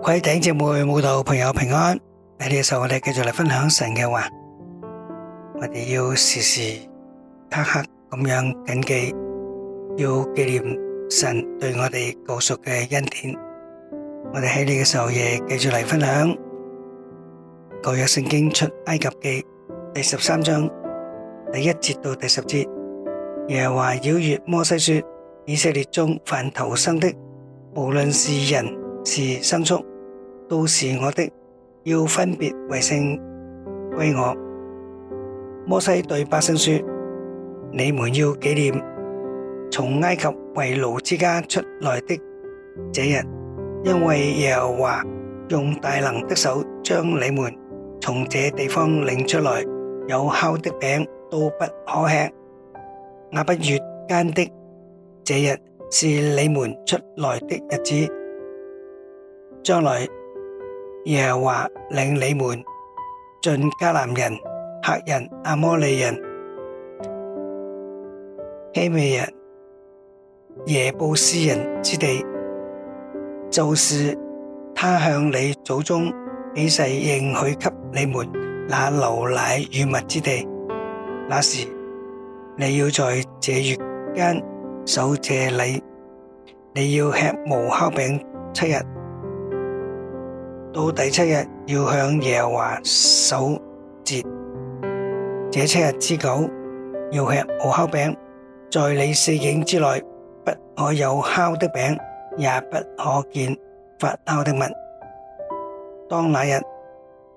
規頂姊妹、信徒、朋友平安。喺呢個時候，我哋繼續嚟分享神嘅話。我哋要時時刻刻咁樣謹記，要紀念神對我哋救贖嘅恩典。我哋喺呢個晝夜繼續嚟分享舊約聖經出埃及記第十三章第一節到第十節。耶和華曉諭，摩西說：以色列中凡頭生的，無論是人。是牲畜，都是我的，要分別為聖歸我。摩西對百姓說，你們要紀念，從埃及為奴之家出來的這日，因為耶和華用大能的手將你們從這地方領出來，有酵的餅，都不可吃。亞筆月間的，這日是你們出來的日子。將來，耶和華領你們，進迦南人、黑人、阿摩利人、希未人、耶布斯人之地。就是，他向你祖宗，起誓應許給你們，那流奶與蜜之地。那時，你要在這月間守這禮，你要吃無酵餅七日，到第七日要向耶和華守節，這七日之久要吃無酵餅，在你四境之內不可有酵的餅，也不可見發酵的物。當那日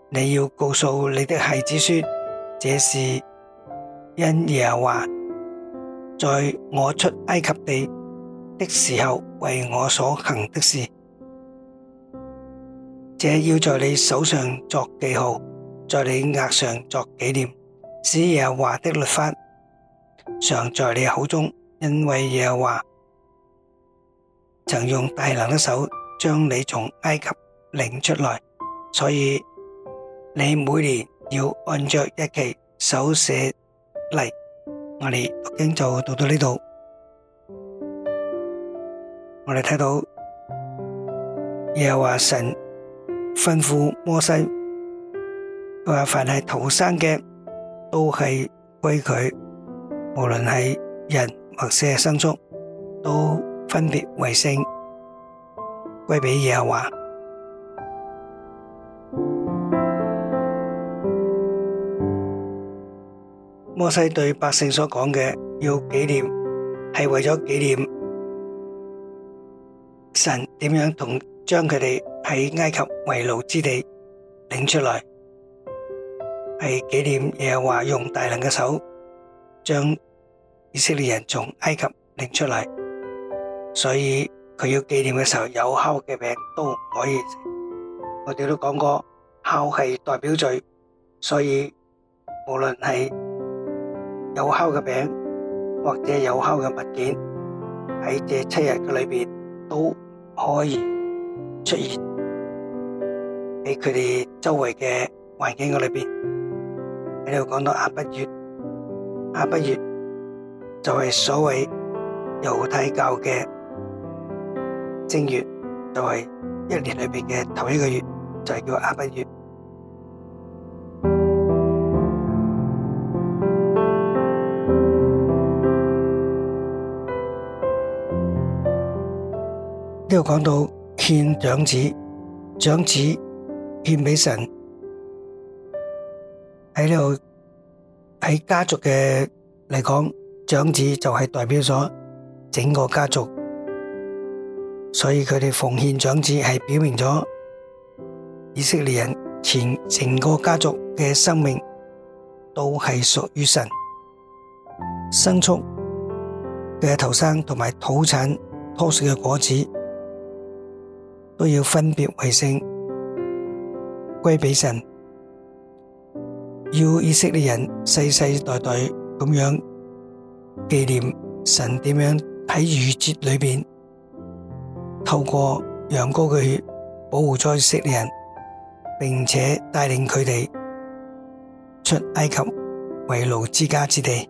你要告訴你的孩子說：這是因耶和華在我出埃及地的時候為我所行的事。這要在你手上作記號，在你額上作紀念，使耶和華的律法，常在你口中，因為耶和華曾用大能的手將你從埃及領出來，所以你每年要按着日期手寫嚟。我哋已經讀到呢度，我哋睇到耶和華神吩咐摩西話：凡係逃生嘅，都係歸佢；無論係人或者牲畜，都分別為聖，歸俾耶和華。摩西對百姓所講嘅要紀念，係為咗紀念神點樣同將佢哋。喺埃及為奴之地領出來，係紀念耶和華用大能嘅手將以色列人從埃及領出嚟，所以佢要紀念嘅時候，有烤嘅餅都唔可以食。我哋都講過，烤係代表罪，所以無論係有烤嘅餅或者有烤嘅物件喺這七日嘅裏邊都唔可以出現。喺佢哋周圍嘅環境嘅裏邊，喺度講到亞筆月，亞筆月就係所謂猶太教嘅正月，就係一年裏邊嘅頭一個月，就係叫亞筆月。呢度講到獻長子，長子。獻俾神，喺呢度喺家族嘅，嚟講，長子就係代表咗整個家族，所以佢哋奉獻長子係表明咗以色列人前成個家族嘅生命都係屬於神。牲畜嘅頭生同埋土產拖水嘅果子都要分別為聖。歸俾神，要以色列人世世代代咁樣紀念神點樣喺逾節裏邊透過羊羔嘅血保護咗以色列人，並且帶領佢哋出埃及為奴之家之地。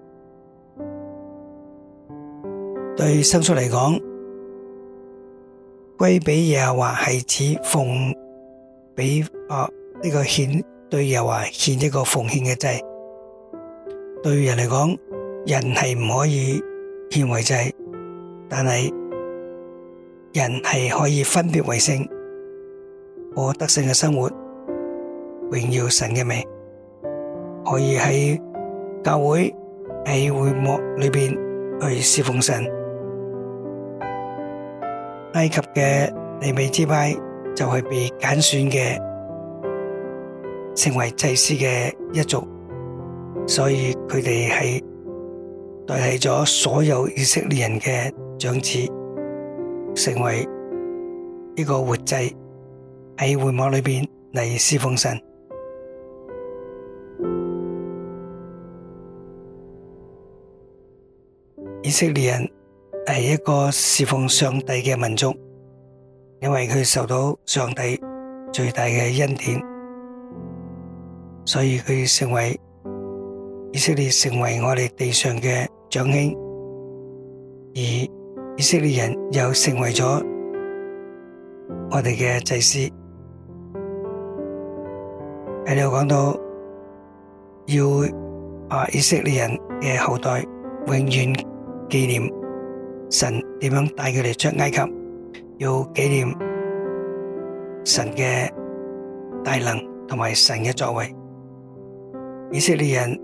對生出嚟講，歸俾耶和華係指奉俾啊。呢個獻俾耶和華獻一個奉獻嘅祭，對人嚟講，人係唔可以獻為祭，但係人係可以分別為聖，過得聖嘅生活，榮耀神嘅名，可以喺教會喺會幕裏面去侍奉神。埃及嘅利未支派就係被揀選嘅。成為祭司嘅一族，所以佢哋係代替咗所有以色列人嘅長子，成為呢個活祭喺會幕裏邊嚟侍奉神。以色列人係一個侍奉上帝嘅民族，因為佢受到上帝最大嘅恩典。所以佢成為以色列，成為我哋地上嘅長兄；而以色列人又成為咗我哋嘅祭司。喺度講到要啊，以色列人嘅後代永遠紀念神點樣帶佢哋出埃及，要紀念神嘅大能同埋神嘅作為。以色列人，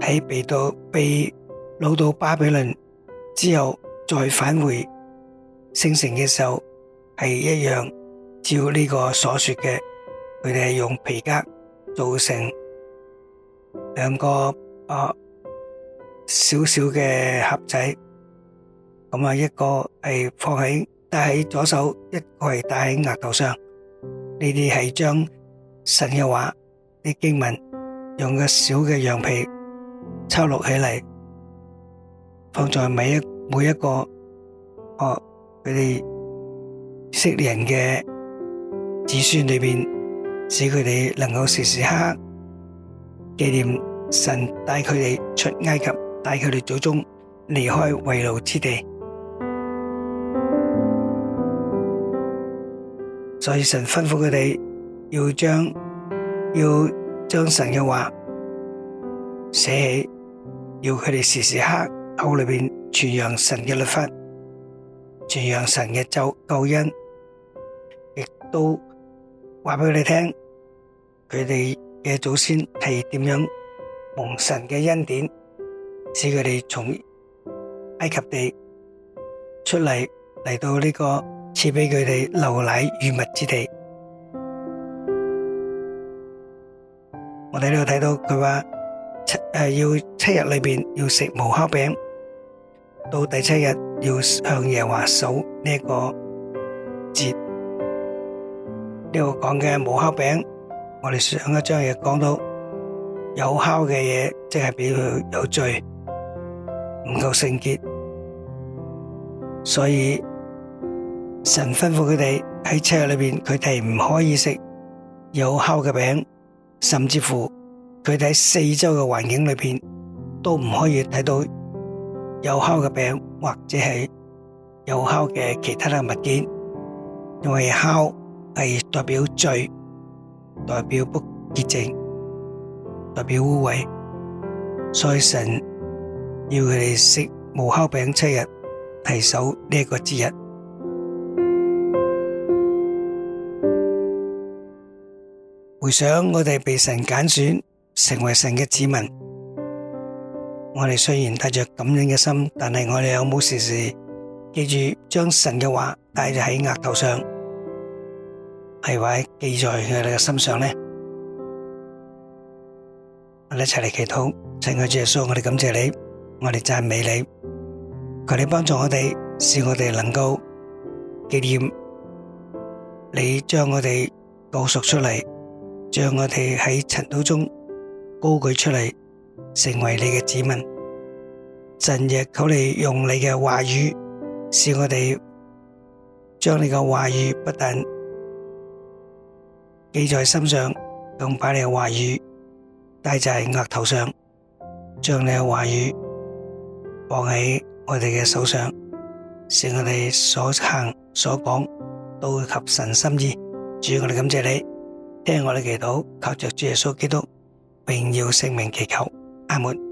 喺被擄、被、擄到巴比倫之後，再返回聖城的時候，係一樣，照呢個所說嘅，佢哋係用皮革做成兩個，呃、小小嘅盒仔。咁啊，一個係放喺戴喺左手，一個係戴喺額頭上，呢啲係將，用個小嘅羊皮抄錄起嚟，放在每一每一個哦佢哋識人嘅子孫裏邊，使佢哋能夠時時刻刻紀念神帶佢哋出埃及，帶佢哋祖宗離開為奴之地。所以神吩咐佢哋要將要。將神嘅話寫起，要佢哋時時刻口裏邊傳揚神嘅律法，傳揚神嘅救救恩，亦都話俾佢哋聽，佢哋嘅祖先係點樣蒙神嘅恩典，使佢哋從埃及地出嚟嚟到呢個賜俾佢哋流奶與蜜之地。你呢度睇到佢話七誒，要、呃、七日裏邊要食無酵餅，到第七日要向耶華守呢一個節。呢度講嘅無酵餅，我哋上一章嘢講到有酵嘅嘢，即係表佢有罪，唔夠聖潔。所以神吩咐佢哋喺七日裏邊，佢哋唔可以食有酵嘅餅。甚至乎佢哋喺四周嘅環境裏邊，都唔可以睇到有酵嘅餅，或者係有酵嘅其他嘅物件，因為酵係代表罪，代表不潔淨，代表污穢，所以神要佢哋食無酵餅七日，嚟守呢一個節日。想我哋被神揀選成為神嘅子民，我哋雖然帶着感恩嘅心，但係我哋有冇時時記住將神嘅話帶住喺額頭上，係或係記在佢哋嘅身上咧？我哋一齊嚟祈禱，請佢主耶穌，我哋感謝你，我哋讚美你，求你幫助我哋，使我哋能夠紀念你將我哋救贖出嚟。將我哋喺塵土中高舉出嚟，成為你嘅子民。神亦求你用你嘅話語，使我哋將你嘅話語不但記在心上，更把你嘅話語戴在額頭上，將你嘅話語放喺我哋嘅手上，使我哋所行所講都會合神心意。主，我哋感謝你。聽我哋祈禱，靠着主耶穌基督，榮耀聖名祈求，阿門。